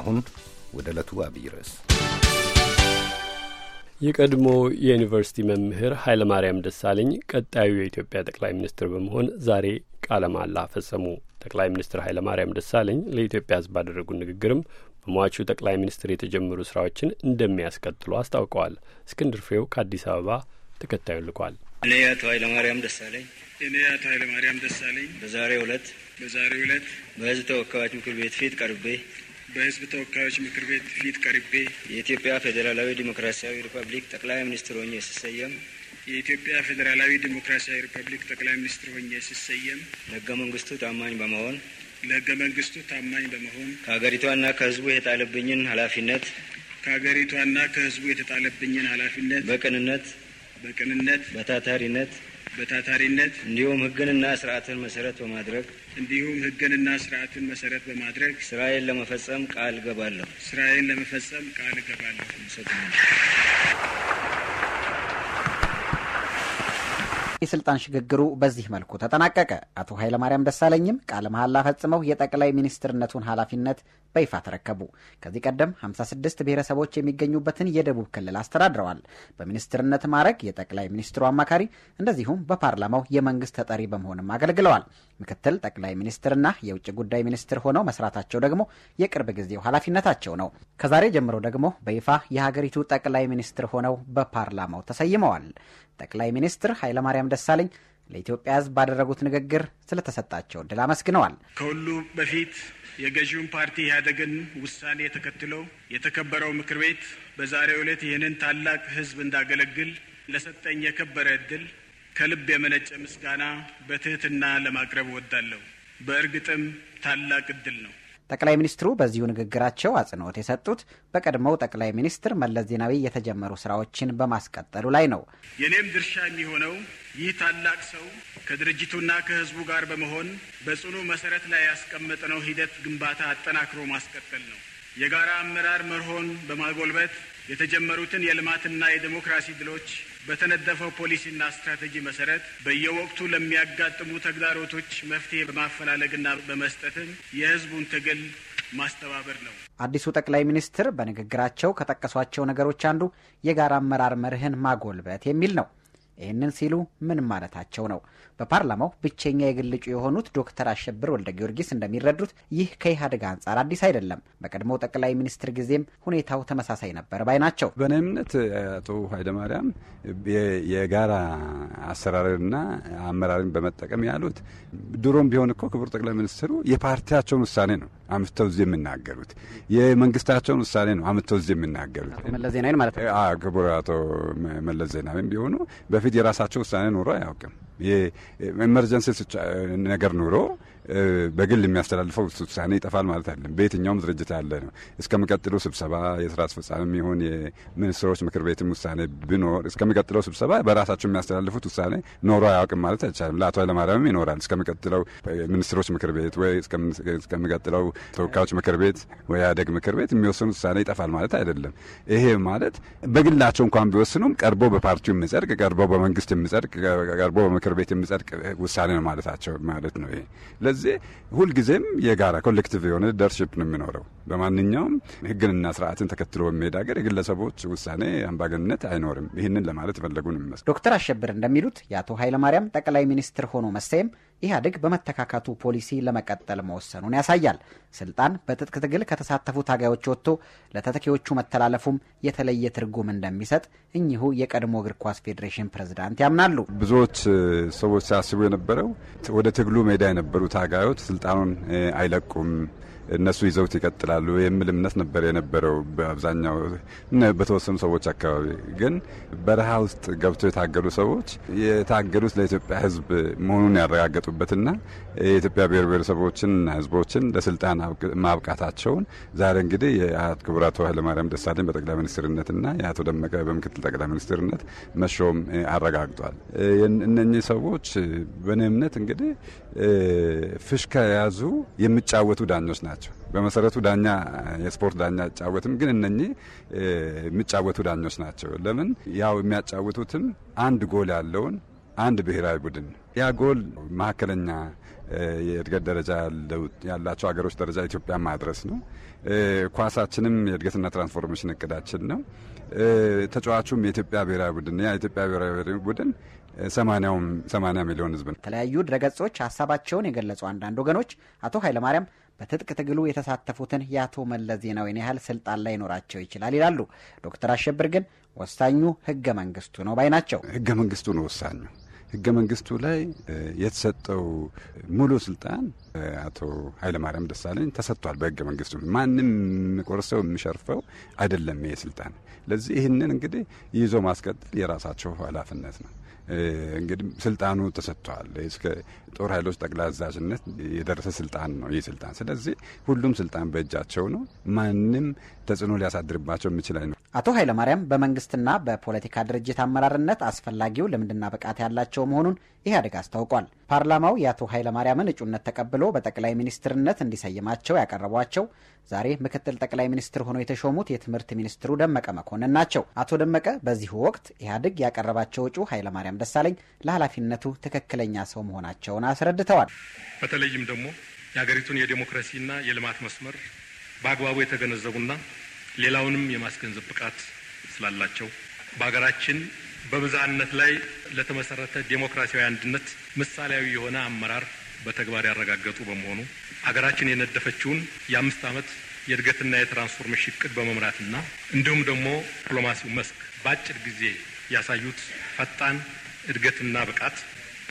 አሁን ወደ ዕለቱ አብይ ርዕስ የቀድሞ የዩኒቨርሲቲ መምህር ኃይለማርያም ደሳለኝ ቀጣዩ የኢትዮጵያ ጠቅላይ ሚኒስትር በመሆን ዛሬ ቃለ መሃላ ፈጸሙ። ጠቅላይ ሚኒስትር ኃይለማርያም ደሳለኝ ለኢትዮጵያ ሕዝብ ባደረጉት ንግግርም በሟቹ ጠቅላይ ሚኒስትር የተጀመሩ ስራዎችን እንደሚያስቀጥሉ አስታውቀዋል። እስክንድር ፍሬው ከአዲስ አበባ ተከታዩን ልኳል። እኔ አቶ ማርያም ደሳለኝ እኔ አቶ ማርያም ደሳለኝ በዛሬው ዕለት በዛሬው ዕለት በህዝብ ተወካዮች ምክር ቤት ፊት ቀርቤ በህዝብ ተወካዮች ምክር ቤት ፊት ቀርቤ የኢትዮጵያ ፌዴራላዊ ዲሞክራሲያዊ ሪፐብሊክ ጠቅላይ ሚኒስትር ሆኜ ስሰየም የኢትዮጵያ ፌዴራላዊ ዲሞክራሲያዊ ሪፐብሊክ ጠቅላይ ሚኒስትር ሆኜ ስሰየም ለህገ መንግስቱ ታማኝ በመሆን ለህገ መንግስቱ ታማኝ በመሆን ከሀገሪቷና ከህዝቡ የተጣለብኝን ኃላፊነት ከሀገሪቷና ከህዝቡ የተጣለብኝን ኃላፊነት በቅንነት በቅንነት በታታሪነት በታታሪነት እንዲሁም ህግንና ስርዓትን መሰረት በማድረግ እንዲሁም ህግንና ስርዓትን መሰረት በማድረግ ስራዬን ለመፈጸም ቃል እገባለሁ። ስራዬን ለመፈጸም ቃል እገባለሁ። የስልጣን ሽግግሩ በዚህ መልኩ ተጠናቀቀ። አቶ ኃይለማርያም ደሳለኝም ቃለ መሐላ ፈጽመው የጠቅላይ ሚኒስትርነቱን ኃላፊነት በይፋ ተረከቡ። ከዚህ ቀደም 56 ብሔረሰቦች የሚገኙበትን የደቡብ ክልል አስተዳድረዋል። በሚኒስትርነት ማዕረግ የጠቅላይ ሚኒስትሩ አማካሪ እንደዚሁም በፓርላማው የመንግስት ተጠሪ በመሆንም አገልግለዋል። ምክትል ጠቅላይ ሚኒስትርና የውጭ ጉዳይ ሚኒስትር ሆነው መስራታቸው ደግሞ የቅርብ ጊዜው ኃላፊነታቸው ነው። ከዛሬ ጀምሮ ደግሞ በይፋ የሀገሪቱ ጠቅላይ ሚኒስትር ሆነው በፓርላማው ተሰይመዋል። ጠቅላይ ሚኒስትር ኃይለማርያም ደሳለኝ ለኢትዮጵያ ሕዝብ ባደረጉት ንግግር ስለተሰጣቸው እድል አመስግነዋል። ከሁሉ በፊት የገዢውን ፓርቲ ኢህአዴግን ውሳኔ ተከትሎ የተከበረው ምክር ቤት በዛሬው ዕለት ይህንን ታላቅ ሕዝብ እንዳገለግል ለሰጠኝ የከበረ እድል ከልብ የመነጨ ምስጋና በትህትና ለማቅረብ እወዳለሁ። በእርግጥም ታላቅ እድል ነው። ጠቅላይ ሚኒስትሩ በዚሁ ንግግራቸው አጽንኦት የሰጡት በቀድሞው ጠቅላይ ሚኒስትር መለስ ዜናዊ የተጀመሩ ስራዎችን በማስቀጠሉ ላይ ነው። የኔም ድርሻ የሚሆነው ይህ ታላቅ ሰው ከድርጅቱና ከህዝቡ ጋር በመሆን በጽኑ መሰረት ላይ ያስቀመጥነው ሂደት ግንባታ አጠናክሮ ማስቀጠል ነው። የጋራ አመራር መርሆን በማጎልበት የተጀመሩትን የልማትና የዴሞክራሲ ድሎች በተነደፈው ፖሊሲና ስትራቴጂ መሰረት በየወቅቱ ለሚያጋጥሙ ተግዳሮቶች መፍትሄ በማፈላለግና በመስጠትም የህዝቡን ትግል ማስተባበር ነው። አዲሱ ጠቅላይ ሚኒስትር በንግግራቸው ከጠቀሷቸው ነገሮች አንዱ የጋራ አመራር መርህን ማጎልበት የሚል ነው። ይህንን ሲሉ ምን ማለታቸው ነው? በፓርላማው ብቸኛ የግል እጩ የሆኑት ዶክተር አሸብር ወልደ ጊዮርጊስ እንደሚረዱት ይህ ከኢህአዴግ አንጻር አዲስ አይደለም። በቀድሞ ጠቅላይ ሚኒስትር ጊዜም ሁኔታው ተመሳሳይ ነበር ባይ ናቸው። በእኔ እምነት አቶ ኃይለማርያም የጋራ አሰራርና አመራርን በመጠቀም ያሉት ድሮም ቢሆን እኮ ክቡር ጠቅላይ ሚኒስትሩ የፓርቲያቸውን ውሳኔ ነው አምጥተው እዚህ የሚናገሩት፣ የመንግስታቸውን ውሳኔ ነው አምጥተው እዚህ የሚናገሩት። መለስ ዜናዊ ማለት ነው። ክቡር አቶ መለስ ዜናዊም ቢሆኑ በፊት የራሳቸው ውሳኔ ኖሮ አያውቅም። የኤመርጀንሲ ነገር ኑሮ በግል የሚያስተላልፈው ውሳኔ ይጠፋል ማለት አይደለም። በየትኛውም ድርጅት ያለ ነው። እስከሚቀጥለው ስብሰባ የስራ አስፈጻሚ ይሁን የሚኒስትሮች ምክር ቤትም ውሳኔ ቢኖር እስከሚቀጥለው ስብሰባ በራሳቸው የሚያስተላልፉት ውሳኔ ኖሮ አያውቅም ማለት አይቻልም። ለአቶ ኃይለማርያምም ይኖራል እስከሚቀጥለው ሚኒስትሮች ምክር ቤት ወይ እስከሚቀጥለው ተወካዮች ምክር ቤት ወይ ኢህአዴግ ምክር ቤት የሚወስኑ ውሳኔ ይጠፋል ማለት አይደለም። ይሄ ማለት በግላቸው እንኳን ቢወስኑም ቀርቦ በፓርቲው የሚጸድቅ ቀርቦ በመንግስት የሚጸድቅ ቀርቦ በምክር ቤት የሚጸድቅ ውሳኔ ነው ማለታቸው ማለት ነው ይሄ ስለዚህ ሁልጊዜም የጋራ ኮሌክቲቭ የሆነ ሊደርሽፕ ነው የሚኖረው። በማንኛውም ህግንና ስርዓትን ተከትሎ በሚሄድ ሀገር የግለሰቦች ውሳኔ አምባገንነት አይኖርም። ይህንን ለማለት ፈለጉን ይመስል ዶክተር አሸብር እንደሚሉት የአቶ ኃይለማርያም ጠቅላይ ሚኒስትር ሆኖ መሰየም ኢህአዴግ በመተካካቱ ፖሊሲ ለመቀጠል መወሰኑን ያሳያል። ስልጣን በትጥቅ ትግል ከተሳተፉ ታጋዮች ወጥቶ ለተተኪዎቹ መተላለፉም የተለየ ትርጉም እንደሚሰጥ እኚሁ የቀድሞ እግር ኳስ ፌዴሬሽን ፕሬዝዳንት ያምናሉ። ብዙዎች ሰዎች ሲያስቡ የነበረው ወደ ትግሉ ሜዳ የነበሩ ታጋዮች ስልጣኑን አይለቁም እነሱ ይዘውት ይቀጥላሉ የሚል እምነት ነበር የነበረው በአብዛኛው በተወሰኑ ሰዎች አካባቢ። ግን በረሃ ውስጥ ገብተው የታገሉ ሰዎች የታገሉት ለኢትዮጵያ ሕዝብ መሆኑን ያረጋገጡበትና የኢትዮጵያ ብሔር ብሔረሰቦችንና ሕዝቦችን ለስልጣን ማብቃታቸውን ዛሬ እንግዲህ የአቶ ክቡር አቶ ኃይለማርያም ደሳለኝ በጠቅላይ ሚኒስትርነትና የአቶ ደመቀ በምክትል ጠቅላይ ሚኒስትርነት መሾም አረጋግጧል። እነኚህ ሰዎች በእኔ እምነት እንግዲህ ፊሽካ የያዙ የሚጫወቱ ዳኞች ናቸው። ናቸው። በመሰረቱ ዳኛ የስፖርት ዳኛ ጫወትም ግን እነኚህ የሚጫወቱ ዳኞች ናቸው። ለምን ያው የሚያጫውቱትም አንድ ጎል ያለውን አንድ ብሔራዊ ቡድን ያ ጎል መካከለኛ የእድገት ደረጃ ያላቸው ሀገሮች ደረጃ ኢትዮጵያ ማድረስ ነው። ኳሳችንም የእድገትና ትራንስፎርሜሽን እቅዳችን ነው። ተጫዋቹም የኢትዮጵያ ብሔራዊ ቡድን ያ የኢትዮጵያ ብሔራዊ ቡድን ሰማኒያውም ሰማንያ ሚሊዮን ህዝብ ነው። የተለያዩ ድረገጾች ሀሳባቸውን የገለጹ አንዳንድ ወገኖች አቶ ኃይለማርያም በትጥቅ ትግሉ የተሳተፉትን የአቶ መለስ ዜናዊን ያህል ስልጣን ላይ ኖራቸው ይችላል ይላሉ። ዶክተር አሸብር ግን ወሳኙ ህገ መንግስቱ ነው ባይ ናቸው። ህገ መንግስቱ ነው ወሳኙ ህገ መንግስቱ ላይ የተሰጠው ሙሉ ስልጣን አቶ ኃይለማርያም ደሳለኝ ተሰጥቷል። በህገ መንግስቱ ማንም ቆርሰው የሚሸርፈው አይደለም ይሄ ስልጣን። ለዚህ ይህንን እንግዲህ ይዞ ማስቀጠል የራሳቸው ኃላፊነት ነው። እንግዲህ ስልጣኑ ተሰጥቷል። እስከ ጦር ኃይሎች ጠቅላይ አዛዥነት የደረሰ ስልጣን ነው ይህ ስልጣን። ስለዚህ ሁሉም ስልጣን በእጃቸው ነው። ማንም ተጽዕኖ ሊያሳድርባቸው የሚችል አቶ ኃይለማርያም በመንግስትና በፖለቲካ ድርጅት አመራርነት አስፈላጊው ልምድና ብቃት ያላቸው መሆኑን ኢህአዴግ አስታውቋል። ፓርላማው የአቶ ኃይለማርያምን እጩነት ተቀብሎ በጠቅላይ ሚኒስትርነት እንዲሰይማቸው ያቀረቧቸው ዛሬ ምክትል ጠቅላይ ሚኒስትር ሆነው የተሾሙት የትምህርት ሚኒስትሩ ደመቀ መኮንን ናቸው። አቶ ደመቀ በዚሁ ወቅት ኢህአዴግ ያቀረባቸው እጩ ኃይለማርያም ደሳለኝ ለኃላፊነቱ ትክክለኛ ሰው መሆናቸውን አስረድተዋል። በተለይም ደግሞ የሀገሪቱን የዴሞክራሲና የልማት መስመር በአግባቡ የተገነዘቡና ሌላውንም የማስገንዘብ ብቃት ስላላቸው በሀገራችን በብዝሃነት ላይ ለተመሰረተ ዴሞክራሲያዊ አንድነት ምሳሌያዊ የሆነ አመራር በተግባር ያረጋገጡ በመሆኑ ሀገራችን የነደፈችውን የአምስት ዓመት የእድገትና የትራንስፎርሜሽን እቅድ በመምራትና እንዲሁም ደግሞ ዲፕሎማሲው መስክ በአጭር ጊዜ ያሳዩት ፈጣን እድገትና ብቃት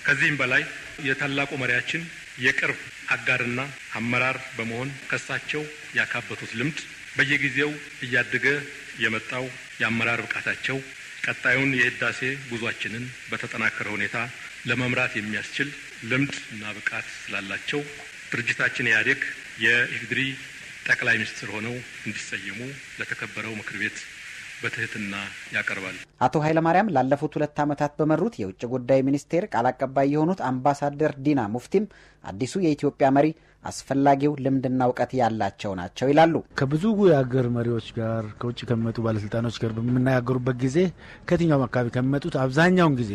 ከዚህም በላይ የታላቁ መሪያችን የቅርብ አጋርና አመራር በመሆን ከሳቸው ያካበቱት ልምድ በየጊዜው እያደገ የመጣው የአመራር ብቃታቸው ቀጣዩን የህዳሴ ጉዟችንን በተጠናከረ ሁኔታ ለመምራት የሚያስችል ልምድ እና ብቃት ስላላቸው ድርጅታችን ኢህአዴግ የኢፌዴሪ ጠቅላይ ሚኒስትር ሆነው እንዲሰየሙ ለተከበረው ምክር ቤት በትህትና ያቀርባል። አቶ ኃይለማርያም ላለፉት ሁለት ዓመታት በመሩት የውጭ ጉዳይ ሚኒስቴር ቃል አቀባይ የሆኑት አምባሳደር ዲና ሙፍቲም አዲሱ የኢትዮጵያ መሪ አስፈላጊው ልምድና እውቀት ያላቸው ናቸው ይላሉ። ከብዙ የሀገር መሪዎች ጋር ከውጭ ከሚመጡ ባለስልጣኖች ጋር በምናያገሩበት ጊዜ ከየትኛውም አካባቢ ከሚመጡት አብዛኛውን ጊዜ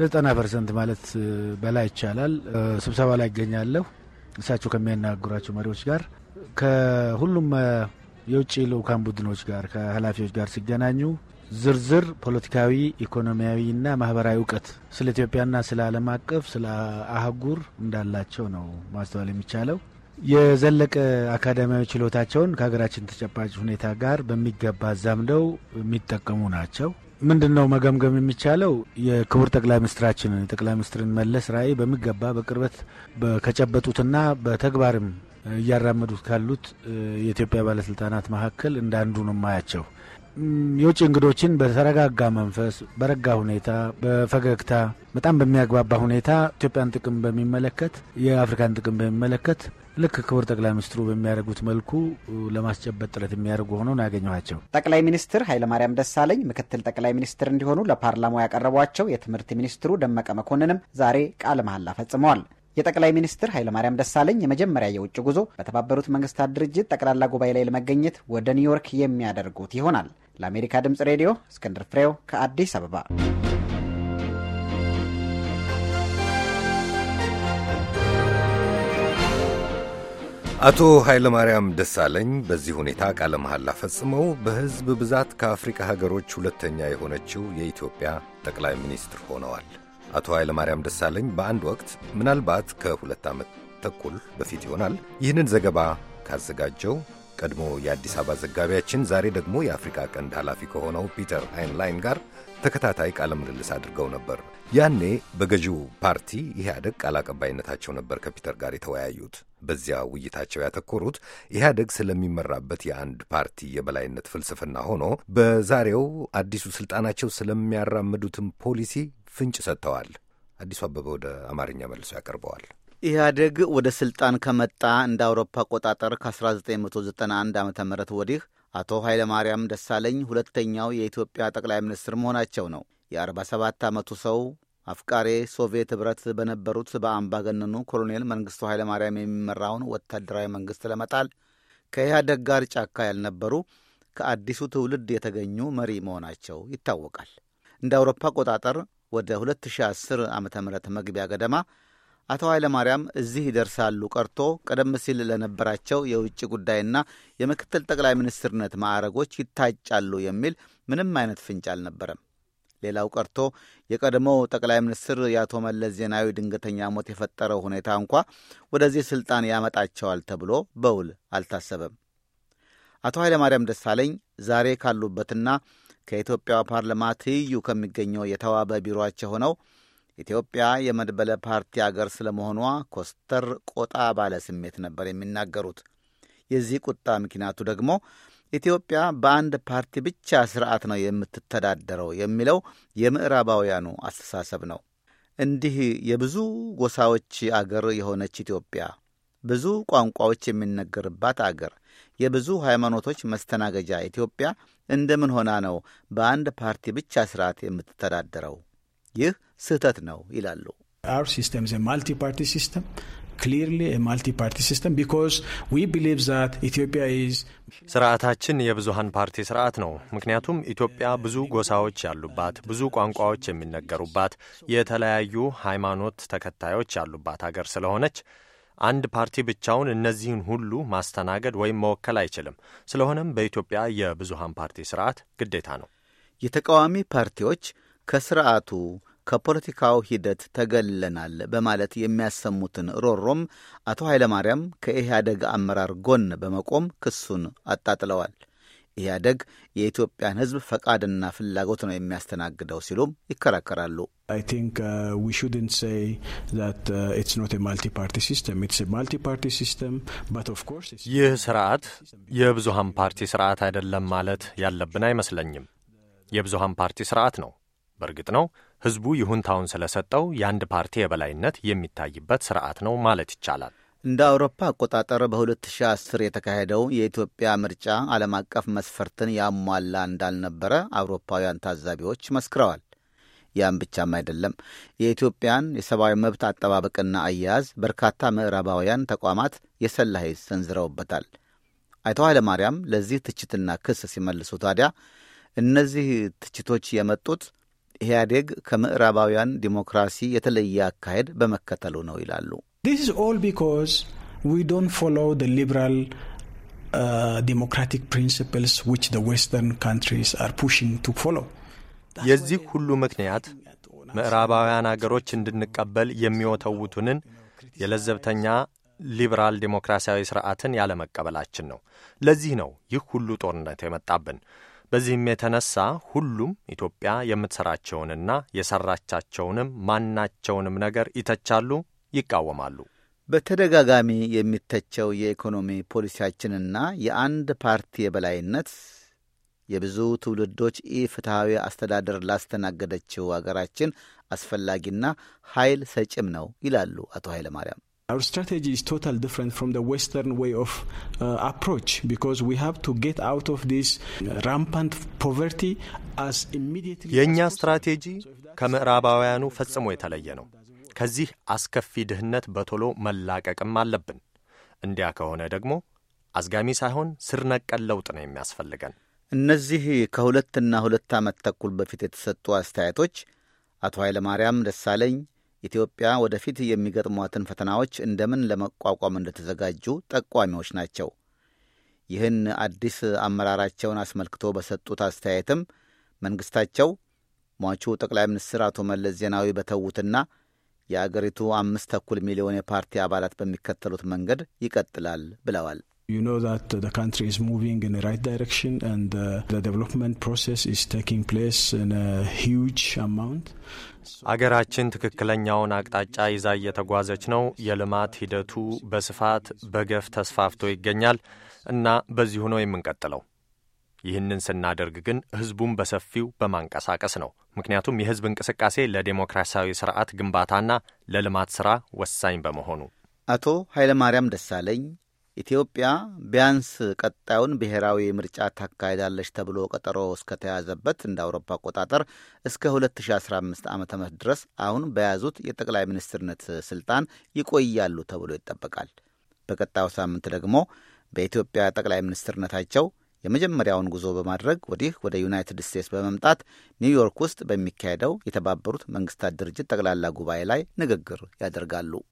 ዘጠና ፐርሰንት ማለት በላይ ይቻላል ስብሰባ ላይ ይገኛለሁ እሳቸው ከሚያናግሯቸው መሪዎች ጋር ከሁሉም የውጭ ልኡካን ቡድኖች ጋር ከኃላፊዎች ጋር ሲገናኙ ዝርዝር ፖለቲካዊ፣ ኢኮኖሚያዊና ማህበራዊ እውቀት ስለ ኢትዮጵያና ስለ ዓለም አቀፍ ስለ አህጉር እንዳላቸው ነው ማስተዋል የሚቻለው። የዘለቀ አካዳሚያዊ ችሎታቸውን ከሀገራችን ተጨባጭ ሁኔታ ጋር በሚገባ አዛምደው የሚጠቀሙ ናቸው። ምንድን ነው መገምገም የሚቻለው የክቡር ጠቅላይ ሚኒስትራችንን የጠቅላይ ሚኒስትርን መለስ ራዕይ በሚገባ በቅርበት ከጨበጡትና በተግባርም እያራመዱት ካሉት የኢትዮጵያ ባለስልጣናት መካከል እንደ አንዱ ነው ማያቸው። የውጭ እንግዶችን በተረጋጋ መንፈስ፣ በረጋ ሁኔታ፣ በፈገግታ በጣም በሚያግባባ ሁኔታ ኢትዮጵያን ጥቅም በሚመለከት የአፍሪካን ጥቅም በሚመለከት ልክ ክቡር ጠቅላይ ሚኒስትሩ በሚያደርጉት መልኩ ለማስጨበጥ ጥረት የሚያደርጉ ሆነው ያገኘኋቸው። ጠቅላይ ሚኒስትር ኃይለማርያም ደሳለኝ ምክትል ጠቅላይ ሚኒስትር እንዲሆኑ ለፓርላማው ያቀረቧቸው የትምህርት ሚኒስትሩ ደመቀ መኮንንም ዛሬ ቃለ መሐላ ፈጽመዋል። የጠቅላይ ሚኒስትር ኃይለማርያም ደሳለኝ የመጀመሪያ የውጭ ጉዞ በተባበሩት መንግስታት ድርጅት ጠቅላላ ጉባኤ ላይ ለመገኘት ወደ ኒውዮርክ የሚያደርጉት ይሆናል። ለአሜሪካ ድምፅ ሬዲዮ እስክንድር ፍሬው ከአዲስ አበባ። አቶ ኃይለማርያም ደሳለኝ በዚህ ሁኔታ ቃለ መሐላ ፈጽመው በሕዝብ ብዛት ከአፍሪካ ሀገሮች ሁለተኛ የሆነችው የኢትዮጵያ ጠቅላይ ሚኒስትር ሆነዋል። አቶ ኃይለማርያም ደሳለኝ በአንድ ወቅት ምናልባት ከሁለት ዓመት ተኩል በፊት ይሆናል ይህንን ዘገባ ካዘጋጀው ቀድሞ የአዲስ አበባ ዘጋቢያችን ዛሬ ደግሞ የአፍሪካ ቀንድ ኃላፊ ከሆነው ፒተር ሃይንላይን ጋር ተከታታይ ቃለ ምልልስ አድርገው ነበር። ያኔ በገዢው ፓርቲ ኢህአደግ ቃል አቀባይነታቸው ነበር ከፒተር ጋር የተወያዩት። በዚያ ውይይታቸው ያተኮሩት ኢህአደግ ስለሚመራበት የአንድ ፓርቲ የበላይነት ፍልስፍና ሆኖ በዛሬው አዲሱ ስልጣናቸው ስለሚያራምዱትም ፖሊሲ ፍንጭ ሰጥተዋል። አዲሱ አበበ ወደ አማርኛ መልሶ ያቀርበዋል። ኢህአዴግ ወደ ስልጣን ከመጣ እንደ አውሮፓ አቆጣጠር ከ1991 ዓ ም ወዲህ አቶ ኃይለማርያም ደሳለኝ ሁለተኛው የኢትዮጵያ ጠቅላይ ሚኒስትር መሆናቸው ነው። የ47 ዓመቱ ሰው አፍቃሬ ሶቪየት ኅብረት በነበሩት በአምባገነኑ ኮሎኔል መንግሥቱ ኃይለማርያም የሚመራውን ወታደራዊ መንግሥት ለመጣል ከኢህአደግ ጋር ጫካ ያልነበሩ ከአዲሱ ትውልድ የተገኙ መሪ መሆናቸው ይታወቃል። እንደ አውሮፓ አቆጣጠር ወደ 2010 ዓ ም መግቢያ ገደማ አቶ ማርያም እዚህ ይደርሳሉ ቀርቶ ቀደም ሲል ለነበራቸው የውጭ ጉዳይና የምክትል ጠቅላይ ሚኒስትርነት ማዕረጎች ይታጫሉ የሚል ምንም አይነት ፍንጭ አልነበረም። ሌላው ቀርቶ የቀድሞው ጠቅላይ ሚኒስትር የአቶ መለስ ዜናዊ ድንገተኛ ሞት የፈጠረው ሁኔታ እንኳ ወደዚህ ስልጣን ያመጣቸዋል ተብሎ በውል አልታሰበም። አቶ ኃይለ ማርያም ደሳለኝ ዛሬ ካሉበትና ከኢትዮጵያ ፓርላማ ትይዩ ከሚገኘው የተዋበ ቢሮቸው ሆነው ኢትዮጵያ የመድበለ ፓርቲ አገር ስለመሆኗ ኮስተር ቆጣ ባለ ስሜት ነበር የሚናገሩት። የዚህ ቁጣ ምክንያቱ ደግሞ ኢትዮጵያ በአንድ ፓርቲ ብቻ ስርዓት ነው የምትተዳደረው የሚለው የምዕራባውያኑ አስተሳሰብ ነው። እንዲህ የብዙ ጎሳዎች አገር የሆነች ኢትዮጵያ፣ ብዙ ቋንቋዎች የሚነገርባት አገር፣ የብዙ ሃይማኖቶች መስተናገጃ ኢትዮጵያ እንደምን ሆና ነው በአንድ ፓርቲ ብቻ ስርዓት የምትተዳደረው? ይህ ስህተት ነው ይላሉ። our system is a multi-party system. ስርዓታችን የብዙሀን ፓርቲ ስርዓት ነው። ምክንያቱም ኢትዮጵያ ብዙ ጎሳዎች ያሉባት፣ ብዙ ቋንቋዎች የሚነገሩባት፣ የተለያዩ ሃይማኖት ተከታዮች ያሉባት አገር ስለሆነች አንድ ፓርቲ ብቻውን እነዚህን ሁሉ ማስተናገድ ወይም መወከል አይችልም። ስለሆነም በኢትዮጵያ የብዙሃን ፓርቲ ስርዓት ግዴታ ነው። የተቃዋሚ ፓርቲዎች ከስርዓቱ ከፖለቲካው ሂደት ተገልለናል በማለት የሚያሰሙትን ሮሮም አቶ ኃይለማርያም ከኢህአደግ አመራር ጎን በመቆም ክሱን አጣጥለዋል። ኢህአደግ የኢትዮጵያን ህዝብ ፈቃድና ፍላጎት ነው የሚያስተናግደው ሲሉም ይከራከራሉ። uh, uh, ይህ ስርዓት የብዙሃን ፓርቲ ስርዓት አይደለም ማለት ያለብን አይመስለኝም። የብዙሃን ፓርቲ ስርዓት ነው። በእርግጥ ነው ህዝቡ ይሁንታውን ስለሰጠው የአንድ ፓርቲ የበላይነት የሚታይበት ስርዓት ነው ማለት ይቻላል። እንደ አውሮፓ አቆጣጠር በ2010 የተካሄደው የኢትዮጵያ ምርጫ ዓለም አቀፍ መስፈርትን ያሟላ እንዳልነበረ አውሮፓውያን ታዛቢዎች መስክረዋል። ያም ብቻም አይደለም። የኢትዮጵያን የሰብአዊ መብት አጠባበቅና አያያዝ በርካታ ምዕራባውያን ተቋማት የሰላ ሂስ ሰንዝረውበታል። አቶ ኃይለማርያም ለዚህ ትችትና ክስ ሲመልሱ ታዲያ እነዚህ ትችቶች የመጡት ኢህአዴግ ከምዕራባውያን ዲሞክራሲ የተለየ አካሄድ በመከተሉ ነው ይላሉ። This is all because we don't follow the liberal uh, democratic principles which the Western countries are pushing to follow. የዚህ ሁሉ ምክንያት ምዕራባውያን አገሮች እንድንቀበል የሚወተውቱንን የለዘብተኛ ሊብራል ዴሞክራሲያዊ ስርዓትን ያለመቀበላችን ነው። ለዚህ ነው ይህ ሁሉ ጦርነት የመጣብን። በዚህም የተነሳ ሁሉም ኢትዮጵያ የምትሰራቸውንና የሰራቻቸውንም ማናቸውንም ነገር ይተቻሉ፣ ይቃወማሉ። በተደጋጋሚ የሚተቸው የኢኮኖሚ ፖሊሲያችንና የአንድ ፓርቲ የበላይነት የብዙ ትውልዶች ኢፍትሐዊ አስተዳደር ላስተናገደችው አገራችን አስፈላጊና ኃይል ሰጭም ነው ይላሉ አቶ ኃይለ ማርያም። Our strategy is totally different from the Western way of uh, approach because we have to get out of this rampant poverty as immediately የእኛ ስትራቴጂ ከምዕራባውያኑ ፈጽሞ የተለየ ነው። ከዚህ አስከፊ ድህነት በቶሎ መላቀቅም አለብን። እንዲያ ከሆነ ደግሞ አዝጋሚ ሳይሆን ስር ነቀል ለውጥ ነው የሚያስፈልገን። እነዚህ ከሁለትና ሁለት ዓመት ተኩል በፊት የተሰጡ አስተያየቶች አቶ ኃይለማርያም ደሳለኝ ኢትዮጵያ ወደፊት የሚገጥሟትን ፈተናዎች እንደምን ለመቋቋም እንደተዘጋጁ ጠቋሚዎች ናቸው። ይህን አዲስ አመራራቸውን አስመልክቶ በሰጡት አስተያየትም መንግሥታቸው ሟቹ ጠቅላይ ሚኒስትር አቶ መለስ ዜናዊ በተዉትና የአገሪቱ አምስት ተኩል ሚሊዮን የፓርቲ አባላት በሚከተሉት መንገድ ይቀጥላል ብለዋል። You know that the country is moving in the right direction and uh, the development process is taking place in a huge amount. አገራችን ትክክለኛውን አቅጣጫ ይዛ እየተጓዘች ነው። የልማት ሂደቱ በስፋት በገፍ ተስፋፍቶ ይገኛል እና በዚሁ ነው የምንቀጥለው። ይህንን ስናደርግ ግን ህዝቡን በሰፊው በማንቀሳቀስ ነው። ምክንያቱም የህዝብ እንቅስቃሴ ለዴሞክራሲያዊ ስርዓት ግንባታና ለልማት ሥራ ወሳኝ በመሆኑ። አቶ ኃይለማርያም ደሳለኝ ኢትዮጵያ ቢያንስ ቀጣዩን ብሔራዊ ምርጫ ታካሂዳለች ተብሎ ቀጠሮ እስከተያዘበት እንደ አውሮፓ አቆጣጠር እስከ 2015 ዓ ም ድረስ አሁን በያዙት የጠቅላይ ሚኒስትርነት ስልጣን ይቆያሉ ተብሎ ይጠበቃል። በቀጣዩ ሳምንት ደግሞ በኢትዮጵያ ጠቅላይ ሚኒስትርነታቸው የመጀመሪያውን ጉዞ በማድረግ ወዲህ ወደ ዩናይትድ ስቴትስ በመምጣት ኒውዮርክ ውስጥ በሚካሄደው የተባበሩት መንግስታት ድርጅት ጠቅላላ ጉባኤ ላይ ንግግር ያደርጋሉ።